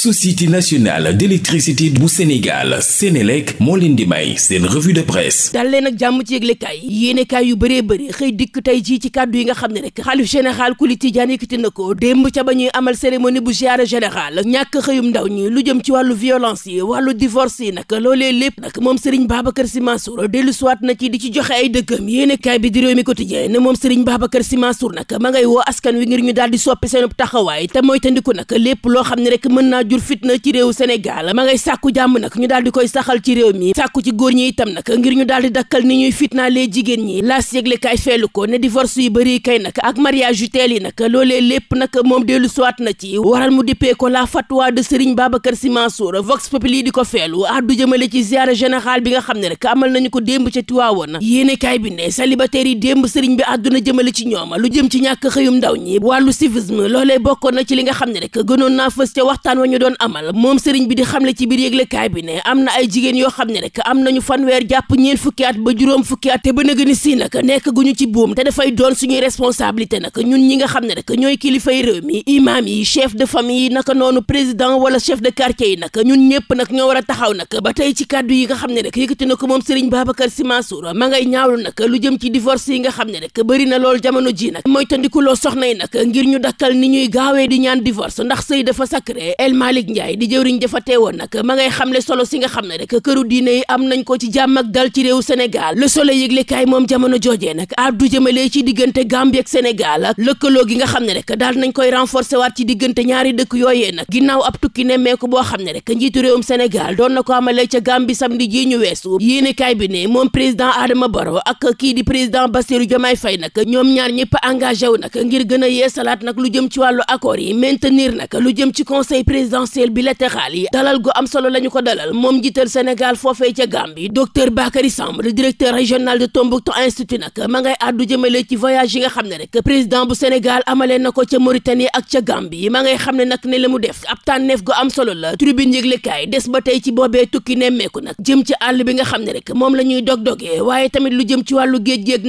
société nationale d'électricité bu Sénégal Sénélec moo leen di may seen revue de presse dal leen jàmm ci yëglekaay yéenekaay yu bëree bëri xëy dikk tey jii ci kàddu yi nga xam ne rek xaalif général ku li Tijaan yëkkati na ko démb ca ba ñuy amal cérémonie bu ziara général ñàkk xëyum ndaw ñi lu jëm ci wàllu violence yi wàllu divorce yi nag loolee lépp nag moom Serigne Babacar Sy Mansour dellu suwaat na ci di ci joxe ay dëggam yéenekaay bi di réew mi quotidien ne moom Serigne Babacar Sy Mansour nag ma ngay woo askan jur fitna ci réewu Sénégal ma ngay sàkku nag ñu daal koy saxal ci réew mi sàkku ci góor ñi itam nag ngir ñu daal dakkal ni ñuy fitnaalee jigéen ñi laas yëglekaay feelu ko ne divorce yu bëri kay nag ak mariage yu yi nag loolee lépp nag moom dellu suwaat na ci waral mu dippee ko la fatwa de Serigne Babacar a Mansour Vox Populi di ko feelu addu jëmale ci ziara générale bi nga xam ne rek amal nañu ko démb ca Tiwaawoon yéenekaay bi ne célibataire yi démb sëriñ bi àdduna jëmale ci ñoom lu jëm ci ñàkk xëyum ne rek doon amal moom sëriñ bi di xamle ci biir yëglekaay bi ne am na ay jigéen yoo xam ne rek am nañu fanweer jàpp ñeen fukki at ba juróom fukki at te ba nëgëni si nag nekk guñu ci buum te dafay doon suñuy responsabilité nag ñun ñi nga xam ne rek ñooy kilifay réew mi imaam yi chef de famille yi naka noonu président wala chef de quartier yi nag ñun ñëpp nag ñoo war a taxaw nag ba tey ci kàddu yi nga xam ne rek yëkkati na ko moom sëriñ Babacar Sy Mansour ma ngay ñaawlu nag lu jëm ci divorce yi nga xam ne rek bëri na loolu jamono ji nag mooy tandikuloo soxna yi nag ngir ñu dakkal ni ñuy gaawee di ñaan divorce ndax sëy dafa Malick Ndiaye di jëwriñ nag ma ngay xamle solo si nga xam ne rek këru diine yi nañ ko ci jàmm ak ci réew Sénégal Le Soleil yëglekaay moom jamono joojee nag addu jëmale ci diggante Gambie ak Sénégal ak lëkkaloo gi nga xam ne rek daal nañ koy renforcer waat ci diggante ñaari dëkk yooyee nag ginnaaw ab tukki nemmeeku boo xam ne rek njiitu réewum Sénégal doon na ko amalee ca Gambie samedi jii ñu weesu yéenekaay bi ne moom président Adama Barrow ak kii di président Bassirou Diomaye Faye nak ñoom ñaar ñëpp engagé wu nag ngir gën a yeesalaat nag lu jëm ci wàllu accord yi maintenir nag lu jëm ci conseil président présidentielle bilatérale yi dalal gu am solo la ñu ko dalal moom njiital Sénégal foofee ca Gambie docteur Bakary Samb directeur régional de Tombouctou Institut nag ma ngay àddu jëmale ci voyage yi nga xam ne rek président bu Sénégal amalee na ko ca Mauritanie ak ca Gambie ma ngay xam ne nag ne la mu def ab tànneef gu am solo la tribune yëglekaay des ba tey ci boobee tukki nemmeeku nag jëm ci àll bi nga xam ne rek moom la dog-dogee waaye tamit lu jëm ci wàllu géej géeg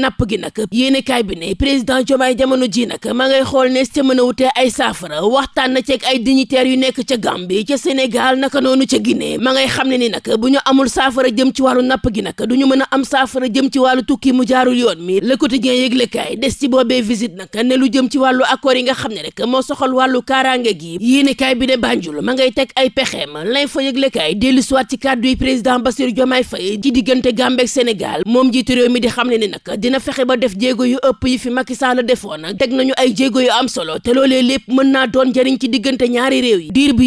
a Gambie ca Sénégal naka noonu ca Guinée ma ngay xam ne ni nag bu ñu amul saafara jëm ci wàllu napp gi nag du ñu mën a am saafara jëm ci wàllu tukki mu jaarul yoon mi le quotidien yëglekaay des ci boobee visite nag ne jëm ci wàllu accord yi nga xam ne rek moo soxal wàllu kaaraange gi yéenekaay bi de Banjul ma ngay teg ay pexeem l'info yëglekaay dellu siwaat ci kàddu yi président Bassirou Diomaye Faye ci diggante Gambie ak Sénégal moom jiitu réew mi di xam ne ni nag dina fexe ba def jéego yu ëpp yi fi Macky Sall defoon teg nañu ay jéego yu am solo te loolee lépp mën naa doon njëriñ ci diggante ñaari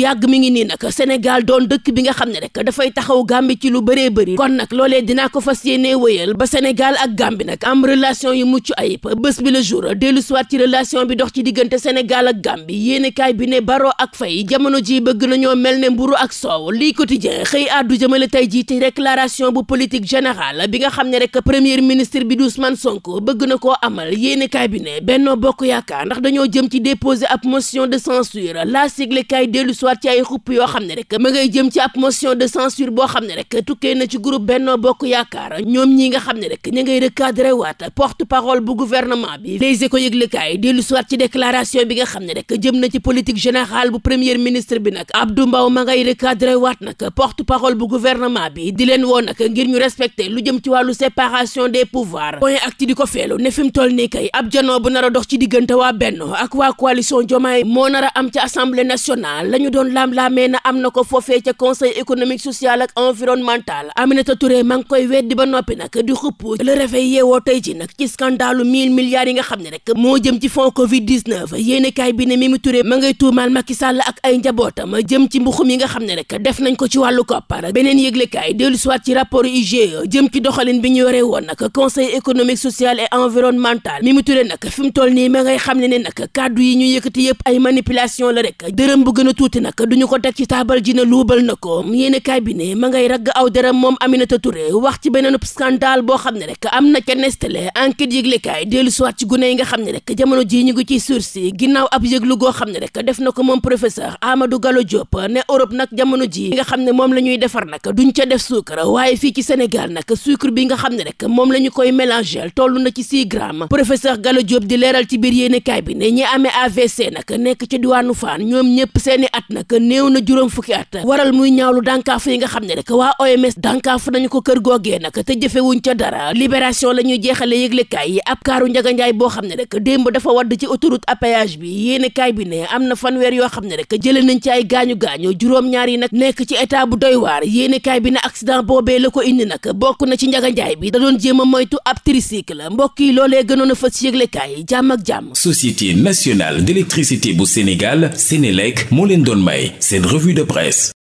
yàgg mi ngi nii nag Sénégal doon dëkk bi nga xam ne rek dafay taxaw Gàmbi ci lu bëree bëri kon nag loolee dina ko fas yéenee wëyal ba Sénégal ak Gàmbi nag am relation yu mucc ay bés bi la jour dellu soir ci relation bi dox ci diggante Sénégal ak Gàmbi yéenekaay bi ne Barrow ak Faye jamono ji bëgg na ñoo mel ne mburu ak soow lii quotidien xëy àddu jëmale tey jii ci déclaration bu politique général bi nga xam ne rek premier ministre bi Ousmane Sonko bëgg na koo amal yéenekaay bi ne Benno Bokk Yaakaar ndax dañoo jëm ci déposer ab motion de censure delluwaat ci ay xupp yoo xam ne rek ma ngay jëm ci ab motion de censure boo xam ne rek tukkee na ci groupe Benno Bokk Yaakaar ñoom ñi nga xam ne rek ñu ngay recadré waat porte parole bu gouvernement bi Les Échos yëglekaay dellusiwaat ci déclaration bi nga xam ne rek jëm na ci politique générale bu premier ministre bi nag Abdou Mbow ma ngay recadré waat nag porte parole bu gouvernement bi di woon woo nag ngir ñu respecter lu jëm ci wàllu séparation des pouvoirs point acti di ko feelu ne fi mu toll nii kay bu nar a ci diggante waa Benno ak waa coalition Diomaye a am doon laam-laamee na am na ko foofee ca conseil économique social ak environnemental Aminata Touré maa ngi koy weddi ba noppi nag di xupp le tey ji nag ci scandalu mille milliards yi nga xam ne rek moo jëm ci fond covid 19 yéenekaay bi ne Mimi Touré ma ngay tuumaal Macky Sall ak ay njabootam jëm ci mbuxum yi nga xam ne rek def nañ ko ci wàllu koppar beneen yëglekaay dellu soit ci rapport IGE jëm ci doxalin bi ñu yore woon nag conseil économique social et environnemental Mimi ture nag fi mu toll nii ma ngay xam ne ne nag kàddu yi ñu yëkkati yëpp ay manipulation la rek dërëm bu gën a tuuti nag duñu ko teg ci taabal ji ne luubal na ko yéene kaay bi ne ma ngay ragg aw deram moom ami Aminata Touré wax ci beneen scandale boo xam ne rek am na ca Nestlé enquête yëglekaay dellu siwaat ci gune yi nga xam ne rek jamono ji ñu ngi ciy sursi ginnaaw ab yëglu goo xam ne rek def na ko moom professeur Amadou Gallo Diop ne Europe nag jamono ji nga xam ne moom la ñuy defar nag duñ ca def suukara waaye fii ci Sénégal nag sucre bi nga xam ne rek moom la ñu koy mélangel toll na ci 6 grammes professeur galo Diop di leeral ci biir yéene bi ne ñi amee AVC nag nekk ci diwaanu Fann ñoom ñëpp seeni at nag néew na juróom fukki at waral muy ñaawlu dànkaafu yi nga xam ne rek waa OMS dànkaafu nañu ko kër googee nag te jëfewuñ ca dara libération la ñuy jeexale yëglekaay yi ab kaaru njaganjaay boo xam ne rek démb dafa wadd ci autoroute à bi yéene kaay bi ne am na fanweer yoo xam ne rek jële nañ ci ay gaañu-gaañu juróom-ñaar yi nag nekk ci état bu doy waar yéene bi ne accident boobee la ko indi nag bokk na ci njaganjaay bi da doon jéem a moytu ab tricycle mbokk yi loolee gënoon a fës yëglekaay yi jàmm ak jàmm société nationale d'électricité bu Sénégal Sénélec moo leen doon May seen revue de presse